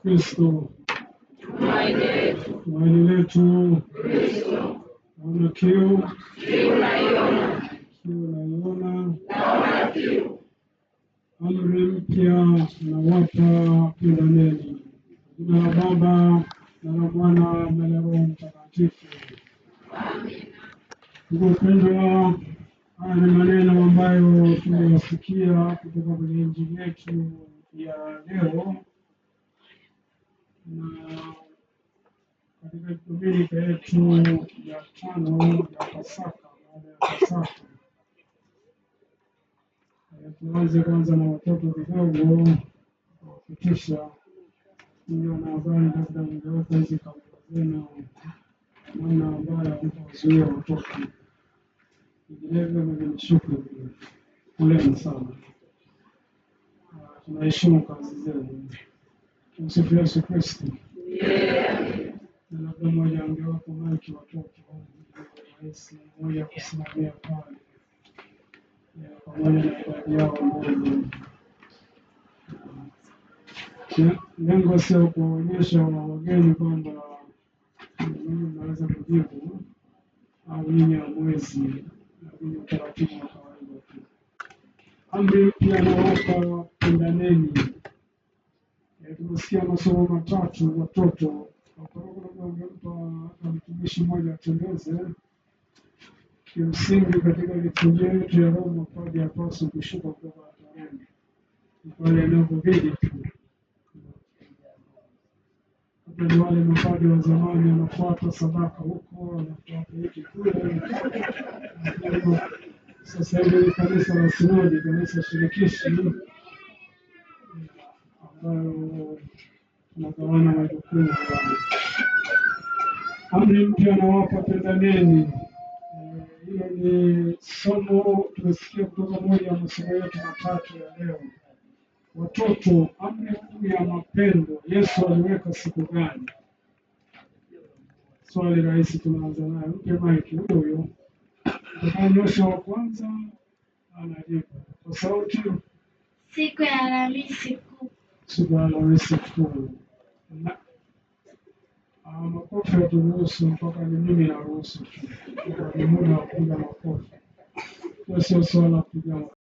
Kristo tumaini letu, naona kiu, kiu naiona, amri mpya nawapa, pendaneni. Jina la Baba na la Mwana na la Roho Mtakatifu. Ndugu wapendwa, haya ni maneno ambayo tumeyasikia kutoka kwenye injili yetu ya leo na katika kipindi chetu ya tano ya Pasaka, baada ya Pasaka tuanze kwanza na watoto kidogo kuwafikisha hiyo na habari, labda mojawako hizi kamuazena namna ambayo mtawazuia watoto vinginevyo mvinishuku kuleni sana, tunaheshimu kazi zenu. Msifu Yesu Kristo. Na labda mmoja angewapa maiki watoto rahisi moja kusimamia pale pamoja na idadi yao ndogo. Lengo sio kuwaonyesha wageni kwamba ninyi mnaweza kujibu au nyinyi hamwezi, lakini utaratibu wa kawaida tu. Amri pia nawapa pendaneni kusikia masomo matatu watoto waparoko, labda wangempa na mtumishi mmoja atembeze. Kimsingi, katika liturujia yetu ya Roma padri hapaswi kushuka kutoka altareni, pale inavyobidi tu. Labda ni wale mapadri wa zamani wanafuata sadaka huko, wanafuata hiki kule. Sasa hivi kanisa la sinodi, kanisa shirikishi tunagawana majukumu. Amri mpya nawapa pendaneni Hilo ni somo tumesikia kutoka moja ya masomo yetu matatu ya leo. Watoto, amri kuu ya mapendo, Yesu aliweka siku gani? Swali rahisi, tunaanza nayo. Mpe maiki huyo huyo wa kwanza anajibu kwa sauti, siku ya Alhamisi Kuu. subhanahu wa Uh, makofi yaturuhusu mpaka ni mimi naruhusu, mimi napiga makofi, sio swala la kupiga makofi.